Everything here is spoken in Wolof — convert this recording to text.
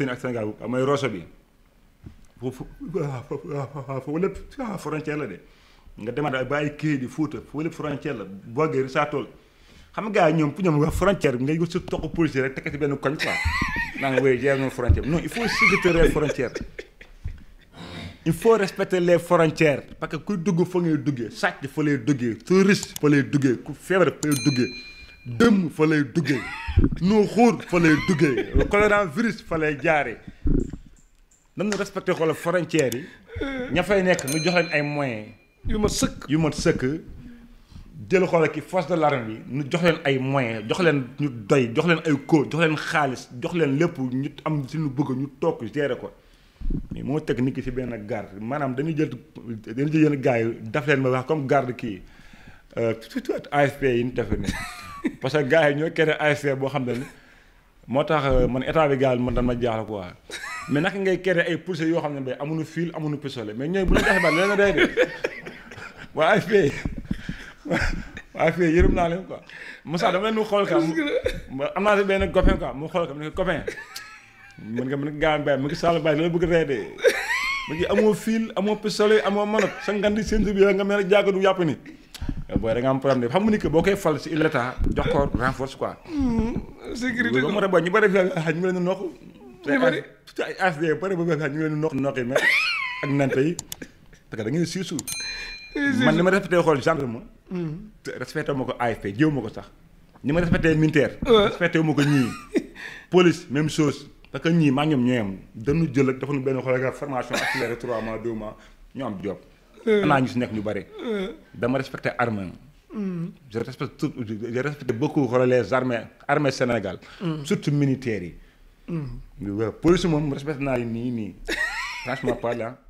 Mauritanie ak Sénégal mooy ah, la de nga demaat bàyyi kii di Fuuta foofu lépp la boogee saa tool xam ngaa ñoom pour ñoom nga frontière bi ngay gis sa toq policier rek tekk ci benn koñ quoi naa ngi wéy jeex frontière non il faut sécurité les frontières il faut respecter les frontières parce que kuy dugg fa ngay duggee sàcc fa lay duggee touriste fa lay duggee ku feebar fa lay duggee dëmm fa lay duggee nuuxuur fa lay duggee le coronavirus fa lay jaaree nan la respecté xoolal frontières yi ña fay nekk ñu jox leen ay moyens. yu ma sëkk yu mat sëkk jël xoolal ki force de l'armée bi ñu jox leen ay moyen jox leen ñu doy jox leen ay kóo jox leen xaalis jox leen lépp ñu am suñu bëgg ñu toog gérer ko. mais moo teg nit ki si benn garde maanaam dañuy jël dañuy jël yenn gars yi daf leen ma wax comme garde kii at euh, AFP yi ñu defe nii parce que gars yi ñoo keneen ASC boo xam ne moo tax euh, man état bi gars man dan ma jaaxal quoi mais naka ngay créer ay police yoo xam ne bay amuñu fil amuñu pistolet mais ñooy bu la ba leneen day de waa AFP waa AFP naa leen quoi Moussa mu xool am naa si benn copain xool quoi ne ko copain mën nga mën nga gaa mbay mu ngi sàll bay loolu bëgg rey de mu ngi amoo fil amoo pistolet amoo manot sa ngandi seen bi nga mel ne jàgg du yàpp ni Eh, booy da nga am problème de xam nga ni que boo koy fal si il l'état jox ko renforce quoi. Hmm, sécurité boobu moo tax bon ñu bëri xaj ah, ñu leen di noq. ñu bëri te ay ASD bëri ba xaj ñu leen di noq que da ngeen di eh, man ni ma respecté xool gendarme. te respecté ma ko AFP jéew ma ko sax. ni ma respecté militaire. respecté ma ko ñii. police même chose. parce que ñii maa ñoom ñooy am dañu jël ak dafa nu benn xool formation accélérée 3 mois 2 mois ñu am job am naa euh. ñu si nekk ñu bari. dama respecté arme mm. je respecte tout je respecte beaucoup xoolal les Sénégal. Mm. surtout militaires yi. Mm. police moom respecté naa nii nii franchement parlant.